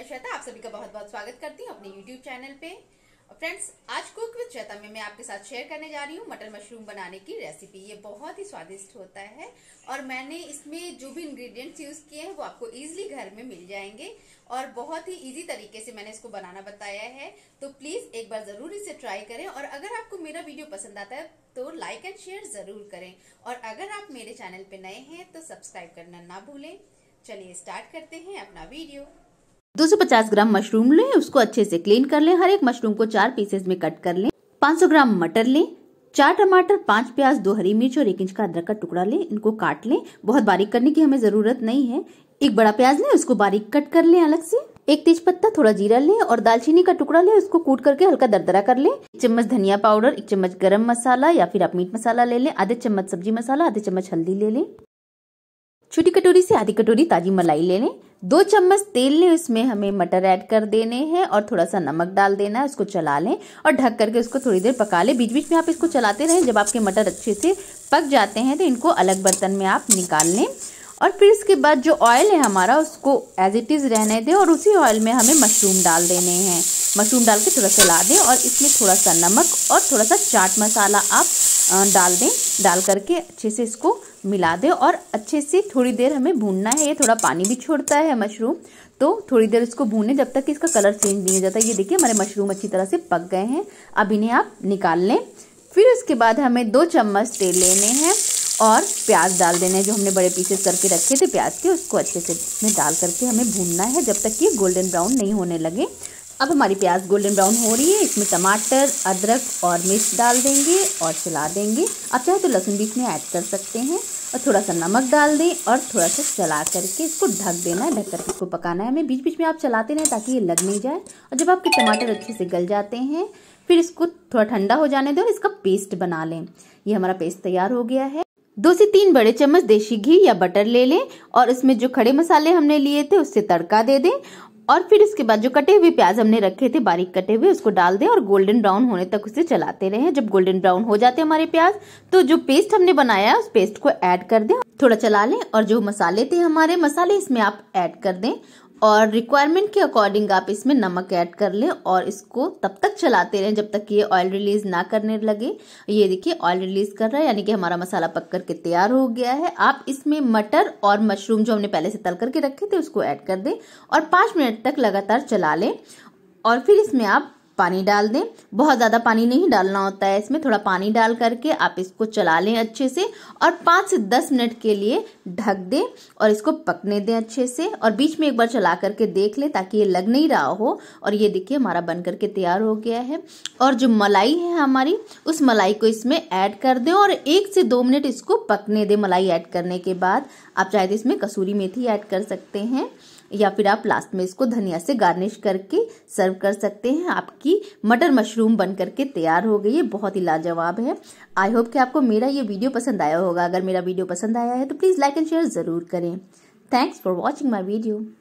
मैं श्वेता आप सभी का बहुत बहुत स्वागत करती हूँ अपने यूट्यूब चैनल पे फ्रेंड्स आज कुक विद श्वेता में मैं आपके साथ शेयर करने जा रही हूँ मटर मशरूम बनाने की रेसिपी ये बहुत ही स्वादिष्ट होता है और मैंने इसमें जो भी इंग्रेडिएंट्स यूज़ किए हैं वो आपको इजीली घर में मिल जाएंगे और बहुत ही इजी तरीके से मैंने इसको बनाना बताया है तो प्लीज़ एक बार ज़रूर इसे ट्राई करें और अगर आपको मेरा वीडियो पसंद आता है तो लाइक एंड शेयर ज़रूर करें और अगर आप मेरे चैनल पे नए हैं तो सब्सक्राइब करना ना भूलें चलिए स्टार्ट करते हैं अपना वीडियो 250 ग्राम मशरूम लें उसको अच्छे से क्लीन कर लें हर एक मशरूम को चार पीसेस में कट कर लें 500 ग्राम मटर लें चार टमाटर पांच प्याज दो हरी मिर्च और एक इंच का अदरक का टुकड़ा लें इनको काट लें बहुत बारीक करने की हमें जरूरत नहीं है एक बड़ा प्याज लें उसको बारीक कट कर लें अलग से एक तेज पत्ता थोड़ा जीरा लें और दालचीनी का टुकड़ा लें उसको कूट करके हल्का दरदरा कर लें एक चम्मच धनिया पाउडर एक चम्मच गरम मसाला या फिर आप मीट मसाला ले लें आधे चम्मच सब्जी मसाला आधे चम्मच हल्दी ले लें छोटी कटोरी से आधी कटोरी ताजी मलाई ले लें दो चम्मच तेल लें उसमें हमें मटर ऐड कर देने हैं और थोड़ा सा नमक डाल देना है उसको चला लें और ढक करके उसको थोड़ी देर पका लें बीच बीच में आप इसको चलाते रहें जब आपके मटर अच्छे से पक जाते हैं तो इनको अलग बर्तन में आप निकाल लें और फिर इसके बाद जो ऑयल है हमारा उसको एज इट इज़ रहने दें और उसी ऑयल में हमें मशरूम डाल देने हैं मशरूम डाल के थोड़ा सा ला दें और इसमें थोड़ा सा नमक और थोड़ा सा चाट मसाला आप डाल दें डाल करके अच्छे से इसको मिला दें और अच्छे से थोड़ी देर हमें भूनना है ये थोड़ा पानी भी छोड़ता है मशरूम तो थोड़ी देर इसको भूने जब तक इसका कलर चेंज नहीं हो जाता ये देखिए हमारे मशरूम अच्छी तरह से पक गए हैं अब इन्हें आप निकाल लें फिर उसके बाद हमें दो चम्मच तेल लेने हैं और प्याज डाल देने हैं जो हमने बड़े पीसेस करके रखे थे प्याज के उसको अच्छे से इसमें डाल करके हमें भूनना है जब तक ये गोल्डन ब्राउन नहीं होने लगे अब हमारी प्याज गोल्डन ब्राउन हो रही है इसमें टमाटर अदरक और मिर्च डाल देंगे और चला देंगे आप चाहे तो लहसुन बीच में ऐड कर सकते हैं और थोड़ा सा नमक डाल दें और थोड़ा सा चला करके इसको ढक देना है ढक इसको पकाना है हमें बीच बीच में आप चलाते रहें ताकि ये लग नहीं जाए और जब आपके टमाटर अच्छे से गल जाते हैं फिर इसको थोड़ा ठंडा हो जाने दें और इसका पेस्ट बना लें ये हमारा पेस्ट तैयार हो गया है दो से तीन बड़े चम्मच देसी घी या बटर ले लें और इसमें जो खड़े मसाले हमने लिए थे उससे तड़का दे दें और फिर इसके बाद जो कटे हुए प्याज हमने रखे थे बारीक कटे हुए उसको डाल दें और गोल्डन ब्राउन होने तक उसे चलाते रहें जब गोल्डन ब्राउन हो जाते हमारे प्याज तो जो पेस्ट हमने बनाया उस पेस्ट को ऐड कर दें थोड़ा चला लें और जो मसाले थे हमारे मसाले इसमें आप ऐड कर दें और रिक्वायरमेंट के अकॉर्डिंग आप इसमें नमक ऐड कर लें और इसको तब तक चलाते रहें जब तक ये ऑयल रिलीज ना करने लगे ये देखिए ऑयल रिलीज कर रहा है यानी कि हमारा मसाला पक करके तैयार हो गया है आप इसमें मटर और मशरूम जो हमने पहले से तल करके रखे थे उसको ऐड कर दें और पाँच मिनट तक लगातार चला लें और फिर इसमें आप पानी डाल दें बहुत ज़्यादा पानी नहीं डालना होता है इसमें थोड़ा पानी डाल करके आप इसको चला लें अच्छे से और पाँच से दस मिनट के लिए ढक दें और इसको पकने दें अच्छे से और बीच में एक बार चला करके देख लें ताकि ये लग नहीं रहा हो और ये देखिए हमारा बन करके तैयार हो गया है और जो मलाई है हमारी उस मलाई को इसमें ऐड कर दें और एक से दो मिनट इसको पकने दें मलाई ऐड करने के बाद आप चाहे तो इसमें कसूरी मेथी ऐड कर सकते हैं या फिर आप लास्ट में इसको धनिया से गार्निश करके सर्व कर सकते हैं आपकी मटर मशरूम बन करके तैयार हो गई है बहुत ही लाजवाब है आई होप कि आपको मेरा ये वीडियो पसंद आया होगा अगर मेरा वीडियो पसंद आया है तो प्लीज़ लाइक एंड शेयर ज़रूर करें thanks for watching my video